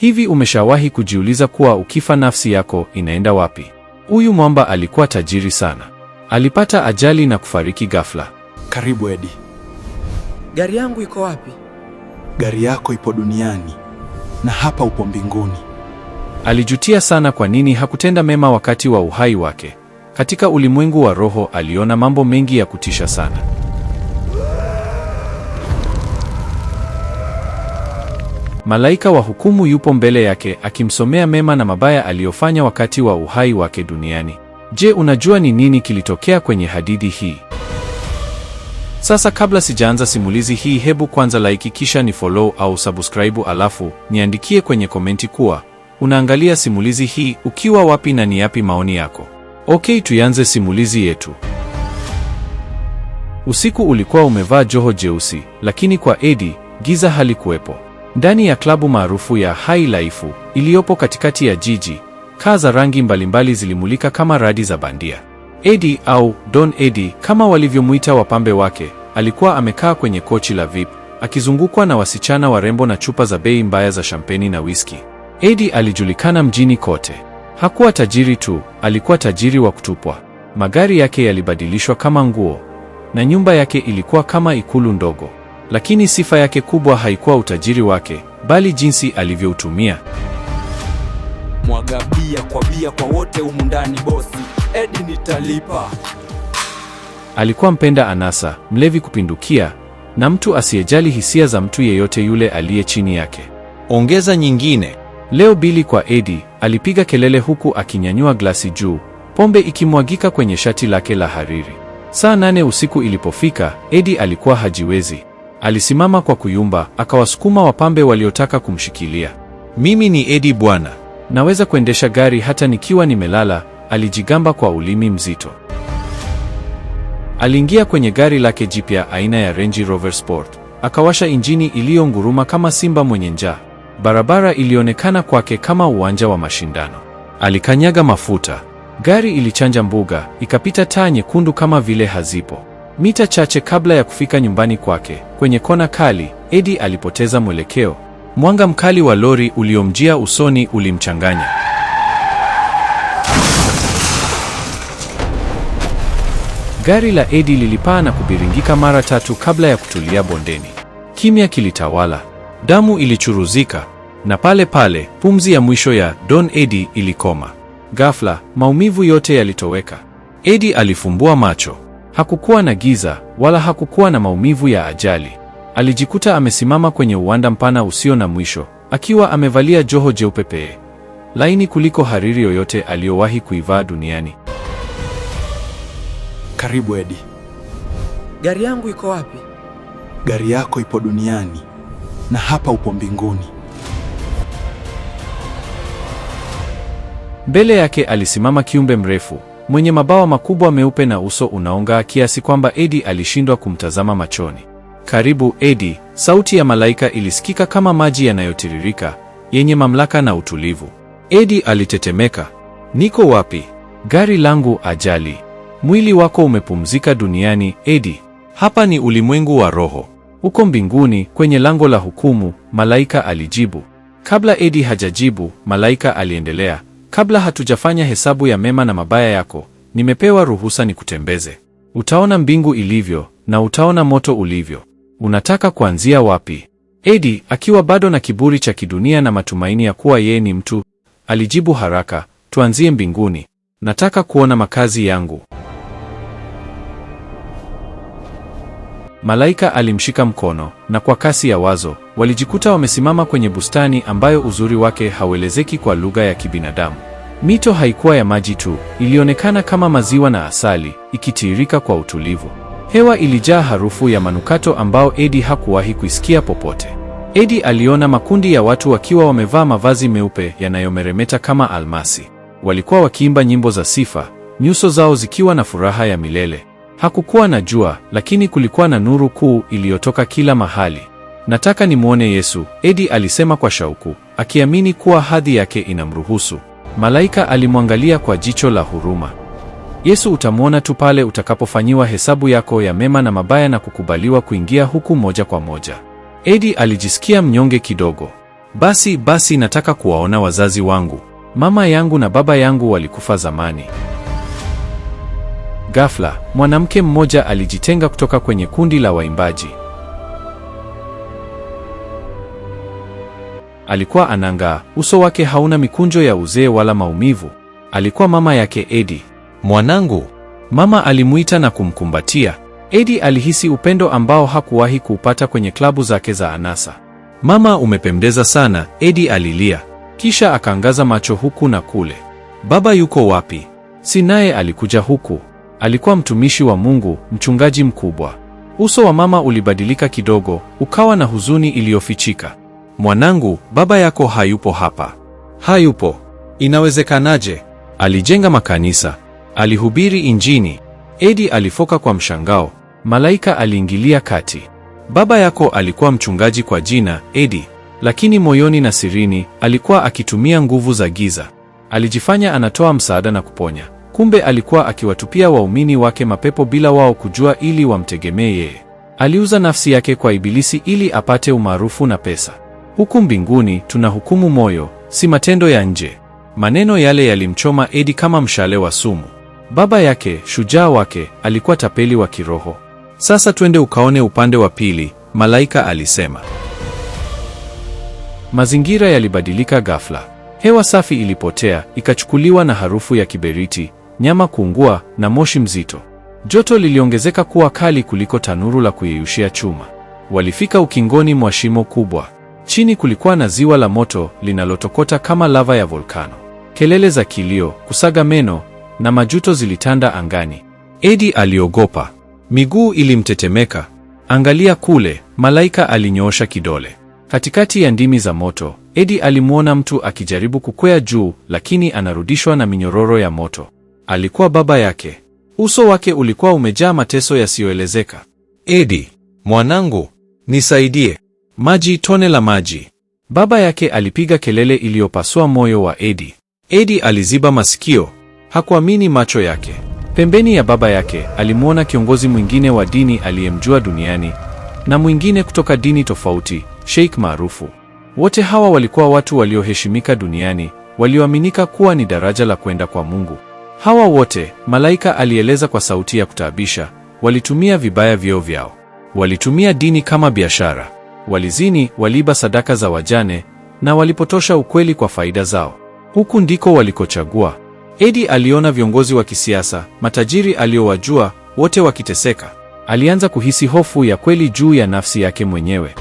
Hivi umeshawahi kujiuliza kuwa ukifa nafsi yako inaenda wapi? Huyu mwamba alikuwa tajiri sana, alipata ajali na kufariki ghafla. Karibu Edi. Gari yangu iko wapi? Gari yako ipo duniani na hapa upo mbinguni. Alijutia sana kwa nini hakutenda mema wakati wa uhai wake. Katika ulimwengu wa roho aliona mambo mengi ya kutisha sana. malaika wa hukumu yupo mbele yake akimsomea mema na mabaya aliyofanya wakati wa uhai wake duniani. Je, unajua ni nini kilitokea kwenye hadithi hii? Sasa kabla sijaanza simulizi hii, hebu kwanza like, kisha ni follow au subscribe, alafu niandikie kwenye komenti kuwa unaangalia simulizi hii ukiwa wapi na ni yapi maoni yako. Okay, tuianze simulizi yetu. Usiku ulikuwa umevaa joho jeusi, lakini kwa Edi giza halikuwepo. Ndani ya klabu maarufu ya Hailaifu iliyopo katikati ya jiji, kaa za rangi mbalimbali zilimulika kama radi za bandia. edi au Don edi kama walivyomwita wapambe wake, alikuwa amekaa kwenye kochi la VIP akizungukwa na wasichana warembo na chupa za bei mbaya za shampeni na whisky. edi alijulikana mjini kote. Hakuwa tajiri tu, alikuwa tajiri wa kutupwa. Magari yake yalibadilishwa kama nguo na nyumba yake ilikuwa kama ikulu ndogo. Lakini sifa yake kubwa haikuwa utajiri wake, bali jinsi alivyoutumia. Mwaga bia kwa bia kwa wote humu ndani, bosi edi nitalipa. Alikuwa mpenda anasa, mlevi kupindukia, na mtu asiyejali hisia za mtu yeyote yule aliye chini yake. Ongeza nyingine leo. Bili kwa Edi alipiga kelele huku akinyanyua glasi juu, pombe ikimwagika kwenye shati lake la hariri. Saa nane usiku ilipofika, Edi alikuwa hajiwezi. Alisimama kwa kuyumba, akawasukuma wapambe waliotaka kumshikilia. Mimi ni Edi bwana, naweza kuendesha gari hata nikiwa nimelala, alijigamba kwa ulimi mzito. Aliingia kwenye gari lake jipya aina ya Range Rover Sport, akawasha injini iliyonguruma kama simba mwenye njaa. Barabara ilionekana kwake kama uwanja wa mashindano. Alikanyaga mafuta, gari ilichanja mbuga, ikapita taa nyekundu kama vile hazipo. Mita chache kabla ya kufika nyumbani kwake, kwenye kona kali, Edi alipoteza mwelekeo. Mwanga mkali wa lori uliomjia usoni ulimchanganya. Gari la Edi lilipaa na kubiringika mara tatu kabla ya kutulia bondeni. Kimya kilitawala, damu ilichuruzika, na pale pale pumzi ya mwisho ya Don Edi ilikoma. Ghafla, maumivu yote yalitoweka. Edi alifumbua macho. Hakukuwa na giza wala hakukuwa na maumivu ya ajali. Alijikuta amesimama kwenye uwanda mpana usio na mwisho, akiwa amevalia joho jeupe pee, laini kuliko hariri yoyote aliyowahi kuivaa duniani. Karibu Edi. Gari yangu iko wapi? Gari yako ipo duniani na hapa upo mbinguni. Mbele yake alisimama kiumbe mrefu mwenye mabawa makubwa meupe na uso unaong'aa kiasi kwamba edi alishindwa kumtazama machoni. Karibu Edi, sauti ya malaika ilisikika kama maji yanayotiririka, yenye mamlaka na utulivu. edi alitetemeka. Niko wapi? Gari langu ajali. Mwili wako umepumzika duniani, Edi. Hapa ni ulimwengu wa roho. Uko mbinguni kwenye lango la hukumu, malaika alijibu. Kabla edi hajajibu, malaika aliendelea. Kabla hatujafanya hesabu ya mema na mabaya yako, nimepewa ruhusa nikutembeze. Utaona mbingu ilivyo na utaona moto ulivyo. Unataka kuanzia wapi? Edi, akiwa bado na kiburi cha kidunia na matumaini ya kuwa yeye ni mtu, alijibu haraka, tuanzie mbinguni. Nataka kuona makazi yangu. Malaika alimshika mkono na kwa kasi ya wazo walijikuta wamesimama kwenye bustani ambayo uzuri wake hauelezeki kwa lugha ya kibinadamu. Mito haikuwa ya maji tu, ilionekana kama maziwa na asali ikitiririka kwa utulivu. Hewa ilijaa harufu ya manukato ambao Edi hakuwahi kuisikia popote. Edi aliona makundi ya watu wakiwa wamevaa mavazi meupe yanayomeremeta kama almasi. Walikuwa wakiimba nyimbo za sifa, nyuso zao zikiwa na furaha ya milele. Hakukuwa na jua, lakini kulikuwa na nuru kuu iliyotoka kila mahali. Nataka nimwone Yesu, Edi alisema kwa shauku, akiamini kuwa hadhi yake inamruhusu. Malaika alimwangalia kwa jicho la huruma. Yesu utamwona tu pale utakapofanyiwa hesabu yako ya mema na mabaya na kukubaliwa kuingia huku moja kwa moja. Edi alijisikia mnyonge kidogo. Basi basi, nataka kuwaona wazazi wangu. Mama yangu na baba yangu walikufa zamani. Ghafla, mwanamke mmoja alijitenga kutoka kwenye kundi la waimbaji. Alikuwa anang'aa, uso wake hauna mikunjo ya uzee wala maumivu. Alikuwa mama yake Edi. Mwanangu, mama alimuita na kumkumbatia. Edi alihisi upendo ambao hakuwahi kuupata kwenye klabu zake za anasa. Mama, umependeza sana, Edi alilia, kisha akaangaza macho huku na kule. Baba yuko wapi? Si naye alikuja huku? Alikuwa mtumishi wa Mungu, mchungaji mkubwa. Uso wa mama ulibadilika kidogo, ukawa na huzuni iliyofichika. Mwanangu, baba yako hayupo hapa. Hayupo? Inawezekanaje? Alijenga makanisa, alihubiri Injili. Edi alifoka kwa mshangao. Malaika aliingilia kati. Baba yako alikuwa mchungaji kwa jina Edi, lakini moyoni na sirini alikuwa akitumia nguvu za giza. Alijifanya anatoa msaada na kuponya Kumbe alikuwa akiwatupia waumini wake mapepo bila wao kujua, ili wamtegemee yeye. Aliuza nafsi yake kwa Ibilisi ili apate umaarufu na pesa. Huku mbinguni tunahukumu moyo, si matendo ya nje. Maneno yale yalimchoma Edi kama mshale wa sumu. Baba yake, shujaa wake, alikuwa tapeli wa kiroho. Sasa twende ukaone upande wa pili, malaika alisema. Mazingira yalibadilika ghafla. Hewa safi ilipotea, ikachukuliwa na harufu ya kiberiti, nyama kuungua na moshi mzito. Joto liliongezeka kuwa kali kuliko tanuru la kuyeyushia chuma. Walifika ukingoni mwa shimo kubwa. Chini kulikuwa na ziwa la moto linalotokota kama lava ya volkano. Kelele za kilio, kusaga meno na majuto zilitanda angani. Edi aliogopa, miguu ilimtetemeka. Angalia kule, malaika alinyoosha kidole. Katikati ya ndimi za moto, Edi alimwona mtu akijaribu kukwea juu, lakini anarudishwa na minyororo ya moto alikuwa baba yake. Uso wake ulikuwa umejaa mateso yasiyoelezeka. Edi, mwanangu, nisaidie, maji, tone la maji! Baba yake alipiga kelele iliyopasua moyo wa Edi. Edi aliziba masikio, hakuamini macho yake. Pembeni ya baba yake alimwona kiongozi mwingine wa dini aliyemjua duniani na mwingine kutoka dini tofauti, sheikh maarufu. Wote hawa walikuwa watu walioheshimika duniani, walioaminika kuwa ni daraja la kwenda kwa Mungu. Hawa wote, malaika alieleza kwa sauti ya kutaabisha, walitumia vibaya vyeo vyao, walitumia dini kama biashara, walizini, waliiba sadaka za wajane na walipotosha ukweli kwa faida zao. Huku ndiko walikochagua. Edi aliona viongozi wa kisiasa, matajiri aliowajua, wote wakiteseka. Alianza kuhisi hofu ya kweli juu ya nafsi yake mwenyewe.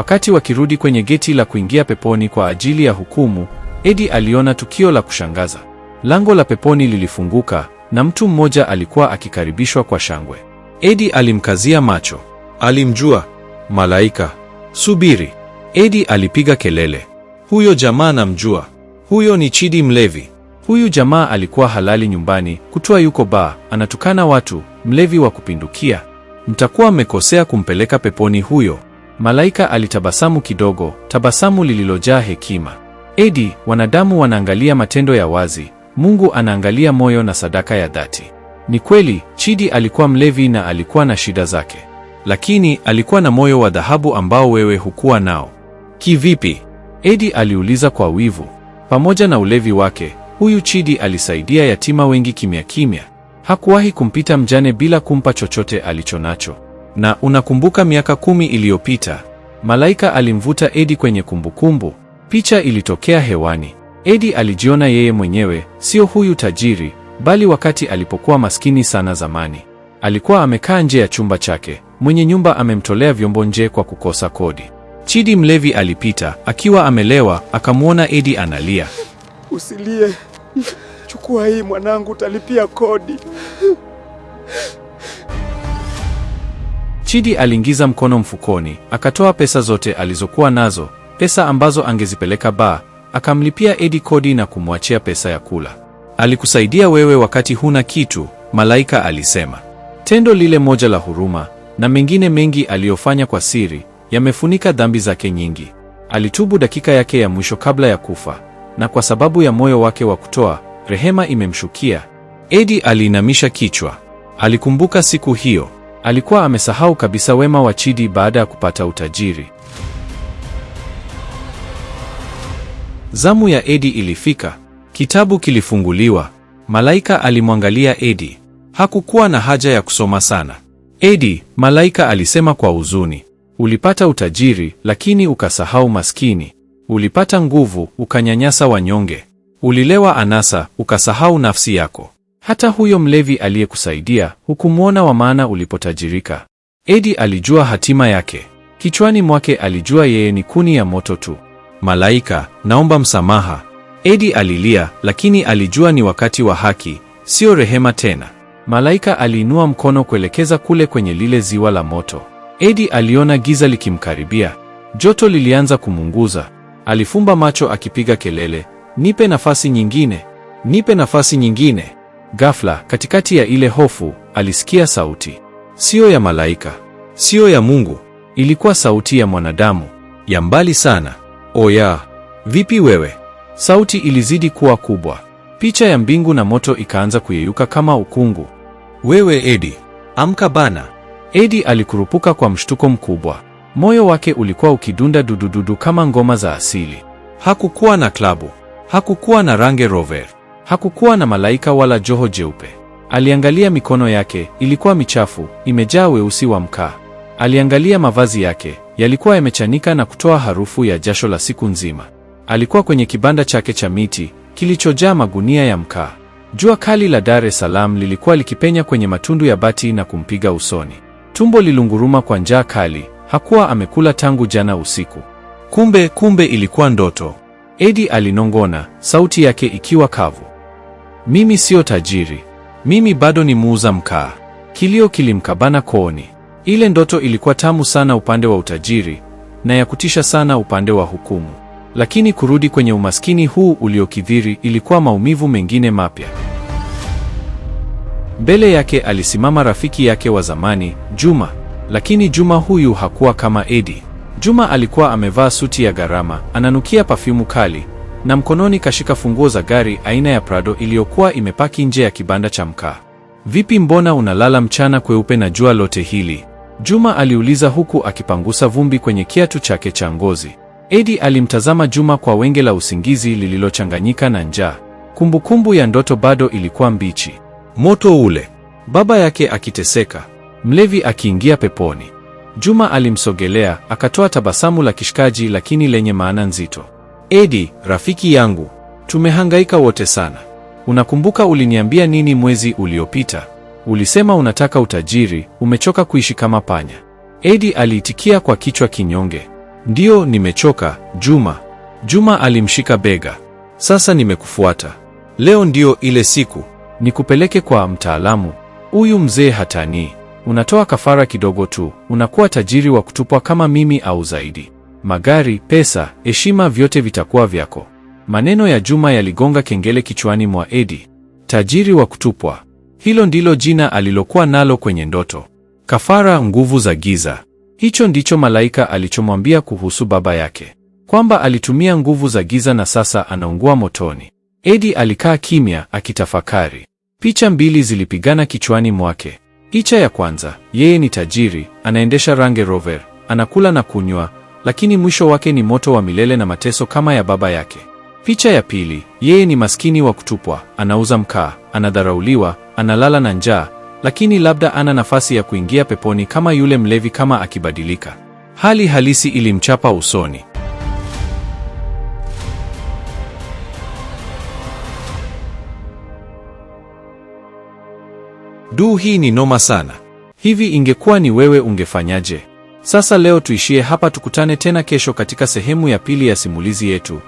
Wakati wakirudi kwenye geti la kuingia peponi kwa ajili ya hukumu, Edi aliona tukio la kushangaza. Lango la peponi lilifunguka na mtu mmoja alikuwa akikaribishwa kwa shangwe. Edi alimkazia macho, alimjua. Malaika, subiri! Edi alipiga kelele, huyo jamaa namjua, huyo ni Chidi mlevi. Huyu jamaa alikuwa halali nyumbani, kutwa yuko baa, anatukana watu, mlevi wa kupindukia. Mtakuwa mmekosea kumpeleka peponi huyo. Malaika alitabasamu kidogo, tabasamu lililojaa hekima. Edi, wanadamu wanaangalia matendo ya wazi, Mungu anaangalia moyo na sadaka ya dhati. Ni kweli, Chidi alikuwa mlevi na alikuwa na shida zake, lakini alikuwa na moyo wa dhahabu ambao wewe hukuwa nao. Kivipi? Edi aliuliza kwa wivu. Pamoja na ulevi wake, huyu Chidi alisaidia yatima wengi kimya kimya. Hakuwahi kumpita mjane bila kumpa chochote alichonacho. Na unakumbuka miaka kumi iliyopita malaika alimvuta Edi kwenye kumbukumbu. Picha ilitokea hewani. Edi alijiona yeye mwenyewe, sio huyu tajiri, bali wakati alipokuwa maskini sana zamani. Alikuwa amekaa nje ya chumba chake, mwenye nyumba amemtolea vyombo nje kwa kukosa kodi. Chidi mlevi alipita akiwa amelewa, akamwona Edi analia. Usilie, chukua hii mwanangu, utalipia kodi. Chidi aliingiza mkono mfukoni, akatoa pesa zote alizokuwa nazo, pesa ambazo angezipeleka ba akamlipia Edi kodi na kumwachia pesa ya kula. Alikusaidia wewe wakati huna kitu, malaika alisema. Tendo lile moja la huruma na mengine mengi aliyofanya kwa siri yamefunika dhambi zake nyingi. Alitubu dakika yake ya mwisho kabla ya kufa, na kwa sababu ya moyo wake wa kutoa, rehema imemshukia. Edi aliinamisha kichwa, alikumbuka siku hiyo. Alikuwa amesahau kabisa wema wa Chidi baada ya kupata utajiri. Zamu ya Edi ilifika. Kitabu kilifunguliwa. Malaika alimwangalia Edi. Hakukuwa na haja ya kusoma sana. Edi, malaika alisema kwa huzuni, ulipata utajiri lakini ukasahau maskini. Ulipata nguvu, ukanyanyasa wanyonge. Ulilewa anasa, ukasahau nafsi yako. Hata huyo mlevi aliyekusaidia hukumwona wa maana ulipotajirika. Edi alijua hatima yake. Kichwani mwake alijua yeye ni kuni ya moto tu. Malaika, naomba msamaha. Edi alilia, lakini alijua ni wakati wa haki, sio rehema tena. Malaika aliinua mkono kuelekeza kule kwenye lile ziwa la moto. Edi aliona giza likimkaribia. Joto lilianza kumunguza. Alifumba macho akipiga kelele, nipe nafasi nyingine, nipe nafasi nyingine. Ghafla, katikati ya ile hofu, alisikia sauti, siyo ya malaika, siyo ya Mungu. Ilikuwa sauti ya mwanadamu, ya mbali sana. Oya, vipi wewe? Sauti ilizidi kuwa kubwa, picha ya mbingu na moto ikaanza kuyeyuka kama ukungu. Wewe Edi, amka bana! Edi alikurupuka kwa mshtuko mkubwa, moyo wake ulikuwa ukidunda dudududu kama ngoma za asili. Hakukuwa na klabu, hakukuwa na Range Rover. Hakukuwa na malaika wala joho jeupe. Aliangalia mikono yake, ilikuwa michafu, imejaa weusi wa mkaa. Aliangalia mavazi yake, yalikuwa yamechanika na kutoa harufu ya jasho la siku nzima. Alikuwa kwenye kibanda chake cha miti kilichojaa magunia ya mkaa. Jua kali la Dar es Salaam lilikuwa likipenya kwenye matundu ya bati na kumpiga usoni. Tumbo lilunguruma kwa njaa kali, hakuwa amekula tangu jana usiku. Kumbe kumbe ilikuwa ndoto, Edi alinong'ona, sauti yake ikiwa kavu. Mimi siyo tajiri, mimi bado ni muuza mkaa. Kilio kilimkabana kooni. Ile ndoto ilikuwa tamu sana upande wa utajiri na ya kutisha sana upande wa hukumu, lakini kurudi kwenye umaskini huu uliokithiri ilikuwa maumivu mengine mapya. Mbele yake alisimama rafiki yake wa zamani Juma, lakini Juma huyu hakuwa kama Edi. Juma alikuwa amevaa suti ya gharama, ananukia pafyumu kali na mkononi kashika funguo za gari aina ya Prado iliyokuwa imepaki nje ya kibanda cha mkaa. Vipi, mbona unalala mchana kweupe na jua lote hili? Juma aliuliza huku akipangusa vumbi kwenye kiatu chake cha ngozi. Edi alimtazama Juma kwa wenge la usingizi lililochanganyika na njaa. Kumbukumbu ya ndoto bado ilikuwa mbichi. Moto ule, baba yake akiteseka, mlevi akiingia peponi. Juma alimsogelea, akatoa tabasamu la kishikaji lakini lenye maana nzito. Edi, rafiki yangu, tumehangaika wote sana. Unakumbuka uliniambia nini mwezi uliopita? Ulisema unataka utajiri, umechoka kuishi kama panya. Edi aliitikia kwa kichwa kinyonge, ndiyo, nimechoka Juma. Juma alimshika bega. Sasa nimekufuata. Leo ndiyo ile siku, nikupeleke kwa mtaalamu. Huyu mzee hatani Unatoa kafara kidogo tu, unakuwa tajiri wa kutupwa kama mimi au zaidi. Magari, pesa, heshima, vyote vitakuwa vyako. Maneno ya Juma yaligonga kengele kichwani mwa Edi. Tajiri wa kutupwa, hilo ndilo jina alilokuwa nalo kwenye ndoto. Kafara, nguvu za giza. Hicho ndicho malaika alichomwambia kuhusu baba yake, kwamba alitumia nguvu za giza na sasa anaungua motoni. Edi alikaa kimya akitafakari. Picha mbili zilipigana kichwani mwake. Picha ya kwanza, yeye ni tajiri, anaendesha Range Rover, anakula na kunywa lakini mwisho wake ni moto wa milele na mateso kama ya baba yake. Picha ya pili, yeye ni maskini wa kutupwa, anauza mkaa, anadharauliwa, analala na njaa, lakini labda ana nafasi ya kuingia peponi kama yule mlevi kama akibadilika. Hali halisi ilimchapa usoni. Duu, hii ni noma sana. Hivi ingekuwa ni wewe ungefanyaje? Sasa leo tuishie hapa, tukutane tena kesho katika sehemu ya pili ya simulizi yetu,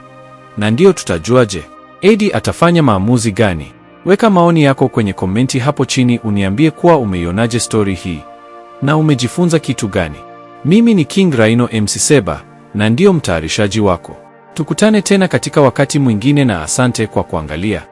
na ndiyo tutajuaje Edi atafanya maamuzi gani? Weka maoni yako kwenye komenti hapo chini, uniambie kuwa umeionaje stori hii na umejifunza kitu gani. Mimi ni King Raino MC Seba na ndiyo mtayarishaji wako. Tukutane tena katika wakati mwingine, na asante kwa kuangalia.